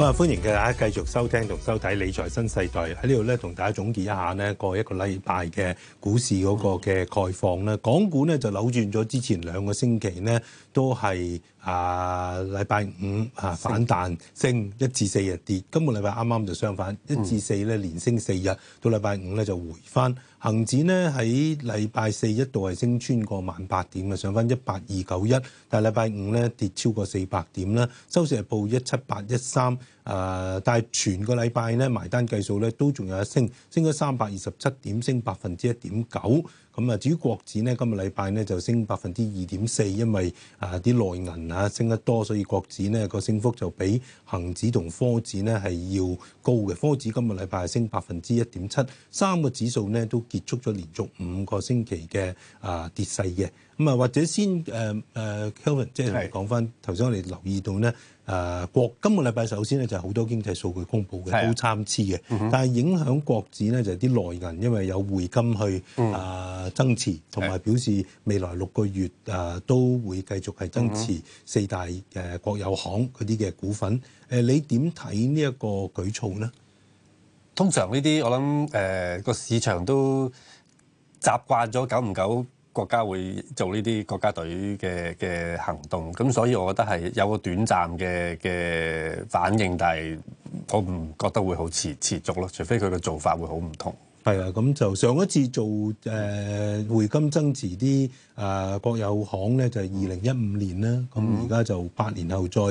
好啊！歡迎大家繼續收聽同收睇《理財新世代》喺呢度咧，同大家總結一下呢個一個禮拜嘅股市嗰個嘅概況咧，港股咧就扭轉咗之前兩個星期咧都係。呃、啊！禮拜五啊反彈升，一至四日跌。今個禮拜啱啱就相反，一至四咧連升四日、嗯，到禮拜五咧就回翻。恒指呢喺禮拜四一度係升穿過萬八點嘅，上翻一八二九一，但係禮拜五咧跌超過四百點啦，收市日報一七八一三。誒，但係全個禮拜咧埋單計數咧都仲有一升，升咗三百二十七點，升百分之一點九。咁啊，至於國指咧，今個禮拜咧就升百分之二點四，因為啊啲內銀啊升得多，所以國指咧個升幅就比恒指同科指咧係要高嘅。科指今個禮拜升百分之一點七，三個指數咧都結束咗連續五個星期嘅啊跌勢嘅。咁啊，或者先誒誒、uh, uh, Kelvin，即係同你講翻頭先，剛才我哋留意到咧誒、uh, 國今個禮拜首先咧就係好多經濟數據公布嘅、啊，都參差嘅、嗯。但係影響國指咧就係啲內銀，因為有匯金去誒、uh, 增持，同、嗯、埋表示未來六個月誒、uh, 都會繼續係增持四大嘅、嗯啊、國有行嗰啲嘅股份。誒，你點睇呢一個舉措咧？通常呢啲我諗誒個市場都習慣咗，久唔久？國家會做呢啲國家隊嘅嘅行動，咁所以我覺得係有個短暫嘅嘅反應，但係我唔覺得會好持持續咯，除非佢嘅做法會好唔同。係啊，咁就上一次做誒匯金增持啲啊、呃、國有行咧，就係二零一五年啦，咁而家就八年後再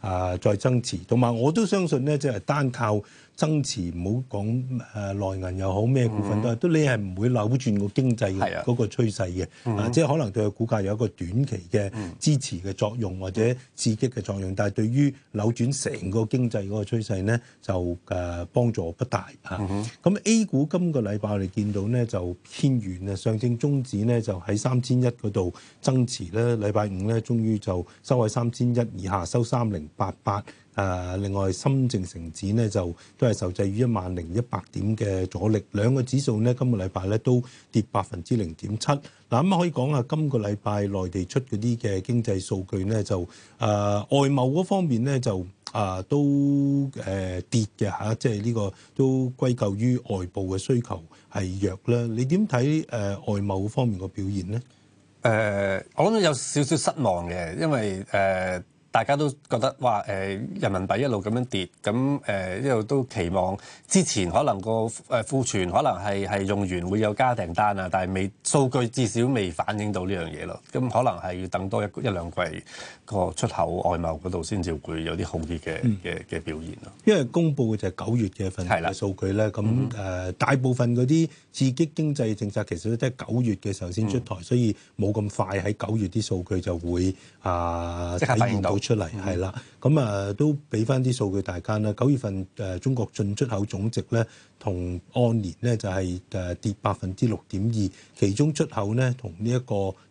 啊、呃、再增持，同埋我都相信咧，即係單靠。增持，唔好講誒內銀又好，咩股份都、mm -hmm. 都你係唔會扭轉個經濟嗰個趨勢嘅，mm -hmm. 啊即係可能對個股價有一個短期嘅支持嘅作用、mm -hmm. 或者刺激嘅作用，但係對於扭轉成個經濟嗰個趨勢呢，就誒、啊、幫助不大吓咁、mm -hmm. 啊、A 股今個禮拜我哋見到呢，就偏軟啊，上證綜指呢，就喺三千一嗰度增持咧，禮拜五咧終於就收喺三千一以下，收三零八八。誒、啊、另外深證成指咧就都係受制於一萬零一百點嘅阻力，兩個指數咧今個禮拜咧都跌百分之零點七。嗱咁可以講下今個禮拜內地出嗰啲嘅經濟數據咧就誒、呃、外貿嗰方面咧就誒、呃、都誒、呃、跌嘅嚇、啊，即係呢、呢個都歸咎於外部嘅需求係弱啦。你點睇誒外貿方面嘅表現咧？誒、呃、我諗有少少失望嘅，因為誒、呃大家都覺得哇，誒、呃、人民幣一路咁樣跌，咁誒一路都期望之前可能個誒庫存可能係係用完會有加訂單啊，但係未數據至少未反映到呢樣嘢咯。咁可能係要等多一一兩季個出口外貿嗰度先至會有啲好啲嘅嘅嘅表現咯。因為公布嘅就係九月嘅份的數據咧，咁誒大部分嗰啲刺激經濟政策其實都都係九月嘅時候先出台，嗯、所以冇咁快喺九月啲數據就會啊反映到。出嚟係啦，咁啊都俾翻啲數據大家啦。九月份、呃、中國進出口總值咧，同按年咧就係、呃、跌百分之六點二，其中出口咧同呢一個。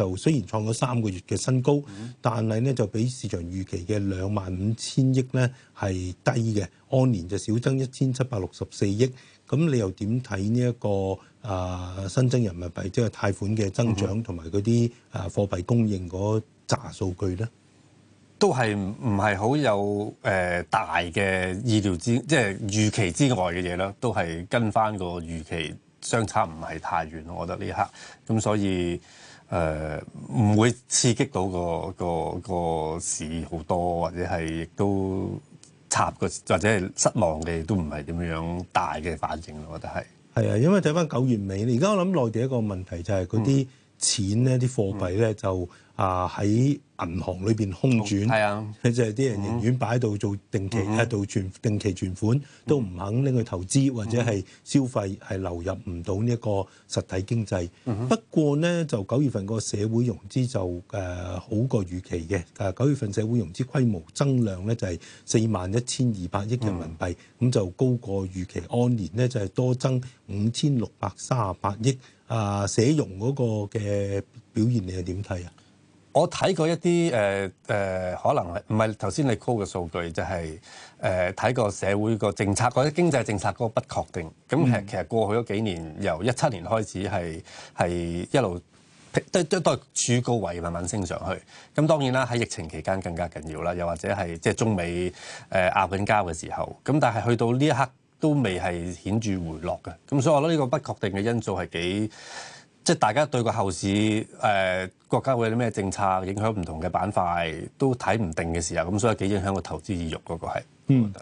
就雖然創咗三個月嘅新高，但係咧就比市場預期嘅兩萬五千億咧係低嘅，按年就少增一千七百六十四億。咁你又點睇呢一個啊新增人民幣即係、就是、貸款嘅增長同埋嗰啲啊貨幣供應嗰紮數據咧？都係唔係好有誒、呃、大嘅意料之即係、就是、預期之外嘅嘢啦？都係跟返個預期相差唔係太遠。我覺得呢一刻咁所以。誒、呃、唔會刺激到個個個市好多，或者係亦都插個或者係失望嘅，都唔係點樣大嘅反應。我覺得係。係啊，因為睇翻九月尾咧，而家我諗內地一個問題就係嗰啲，嗯錢呢啲貨幣咧、嗯、就啊喺銀行裏面空轉，嗯嗯、就係、是、啲人寧願擺喺度做定期啊，存定期存款、嗯、都唔肯拎去投資或者係消費，係、嗯、流入唔到呢一個實體經濟。嗯、不過呢，就九月份個社會融資就、呃、好過預期嘅，九月份社會融資規模增量咧就係四萬一千二百億人民幣，咁、嗯、就高過預期，按、嗯、年咧就係、是、多增五千六百三十八億。啊，社融嗰個嘅表現你係點睇啊？我睇過一啲誒誒，可能唔係頭先你 call 嘅數據，就係誒睇過社會個政策，嗰啲經濟政策嗰個不確定。咁其實其實過去嗰幾年，由一七年開始係係一路都都都處高位慢慢升上去。咁當然啦，喺疫情期間更加緊要啦。又或者係即係中美誒拗緊交嘅時候。咁但係去到呢一刻，都未係顯著回落嘅，咁所以我覺呢個不確定嘅因素係幾，即係大家對個後市誒、呃、國家會有啲咩政策影響唔同嘅板塊，都睇唔定嘅時候，咁所以幾影響個投資意欲嗰、那個係。嗯，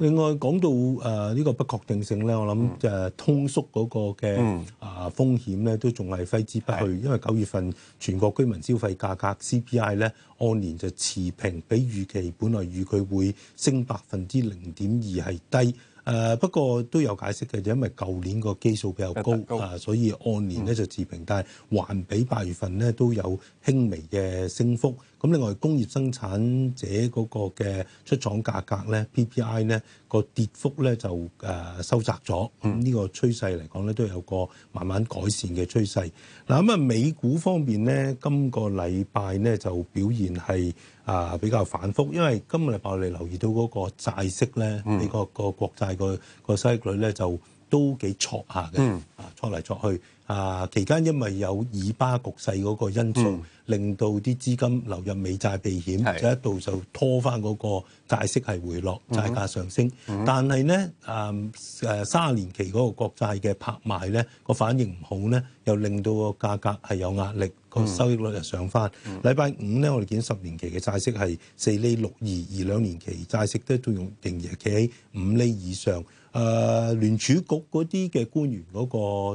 另外講到誒呢、呃這個不確定性咧，我諗誒、嗯啊、通縮嗰個嘅、嗯、啊風險咧都仲係揮之不去，因為九月份全國居民消費價格 CPI 咧按年就持平，比預期本來預期會，會升百分之零點二係低。誒、呃、不過都有解釋嘅，因為舊年個基數比較高啊、呃，所以按年咧就持平，嗯、但係環比八月份咧都有輕微嘅升幅。咁另外工業生產者嗰個嘅出廠價格咧，PPI 咧個跌幅咧就誒收窄咗，咁、這、呢個趨勢嚟講咧都有個慢慢改善嘅趨勢。嗱咁啊，美股方面咧，今個禮拜咧就表現係啊比較反覆，因為今個禮拜我哋留意到嗰個債息咧，呢個個國債個個息率咧就，都幾戳下嘅，啊戳嚟戳去，啊期間因為有以巴局勢嗰個因素、嗯，令到啲資金流入美債避險，就一度就拖翻嗰個債息係回落，債、嗯、價上升。嗯、但係咧，誒、啊、誒三十年期嗰個國債嘅拍賣咧、個反應唔好咧，又令到個價格係有壓力，個、嗯、收益率就上翻。禮、嗯、拜五咧，我哋見十年期嘅債息係四厘六二，而兩年期債息咧仲仍然企喺五厘以上。誒、呃、聯儲局嗰啲嘅官員嗰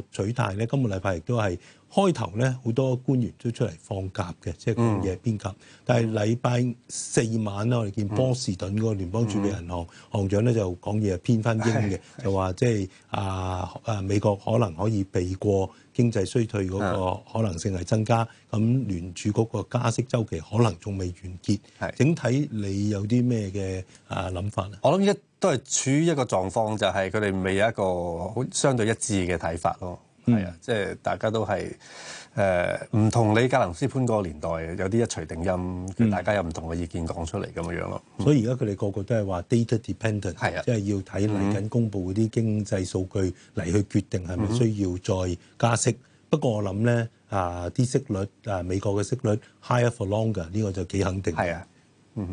個取態咧，今個禮拜亦都係開頭咧，好多官員都出嚟放鴿嘅，即係講嘢偏鴿。但係禮拜四晚咧、嗯，我哋見波士頓嗰個聯邦儲備銀行、嗯嗯、行長咧就講嘢偏翻英嘅，就話就即係啊，啊美國可能可以避過。經濟衰退嗰個可能性係增加，咁聯儲局個加息周期可能仲未完結。整體你有啲咩嘅啊諗法咧？我諗一都係處於一個狀況，就係佢哋未有一個好相對一致嘅睇法咯。係、嗯、啊，即係、就是、大家都係。誒、呃、唔同李格林斯潘嗰個年代，有啲一錘定音，大家有唔同嘅意見講出嚟咁、嗯、樣咯、嗯。所以而家佢哋個個都係話 data dependent，即係、就是、要睇嚟緊公佈嗰啲經濟數據嚟去決定係咪需要再加息。嗯、不過我諗咧啊，啲息率啊美國嘅息率 higher for longer 呢個就幾肯定。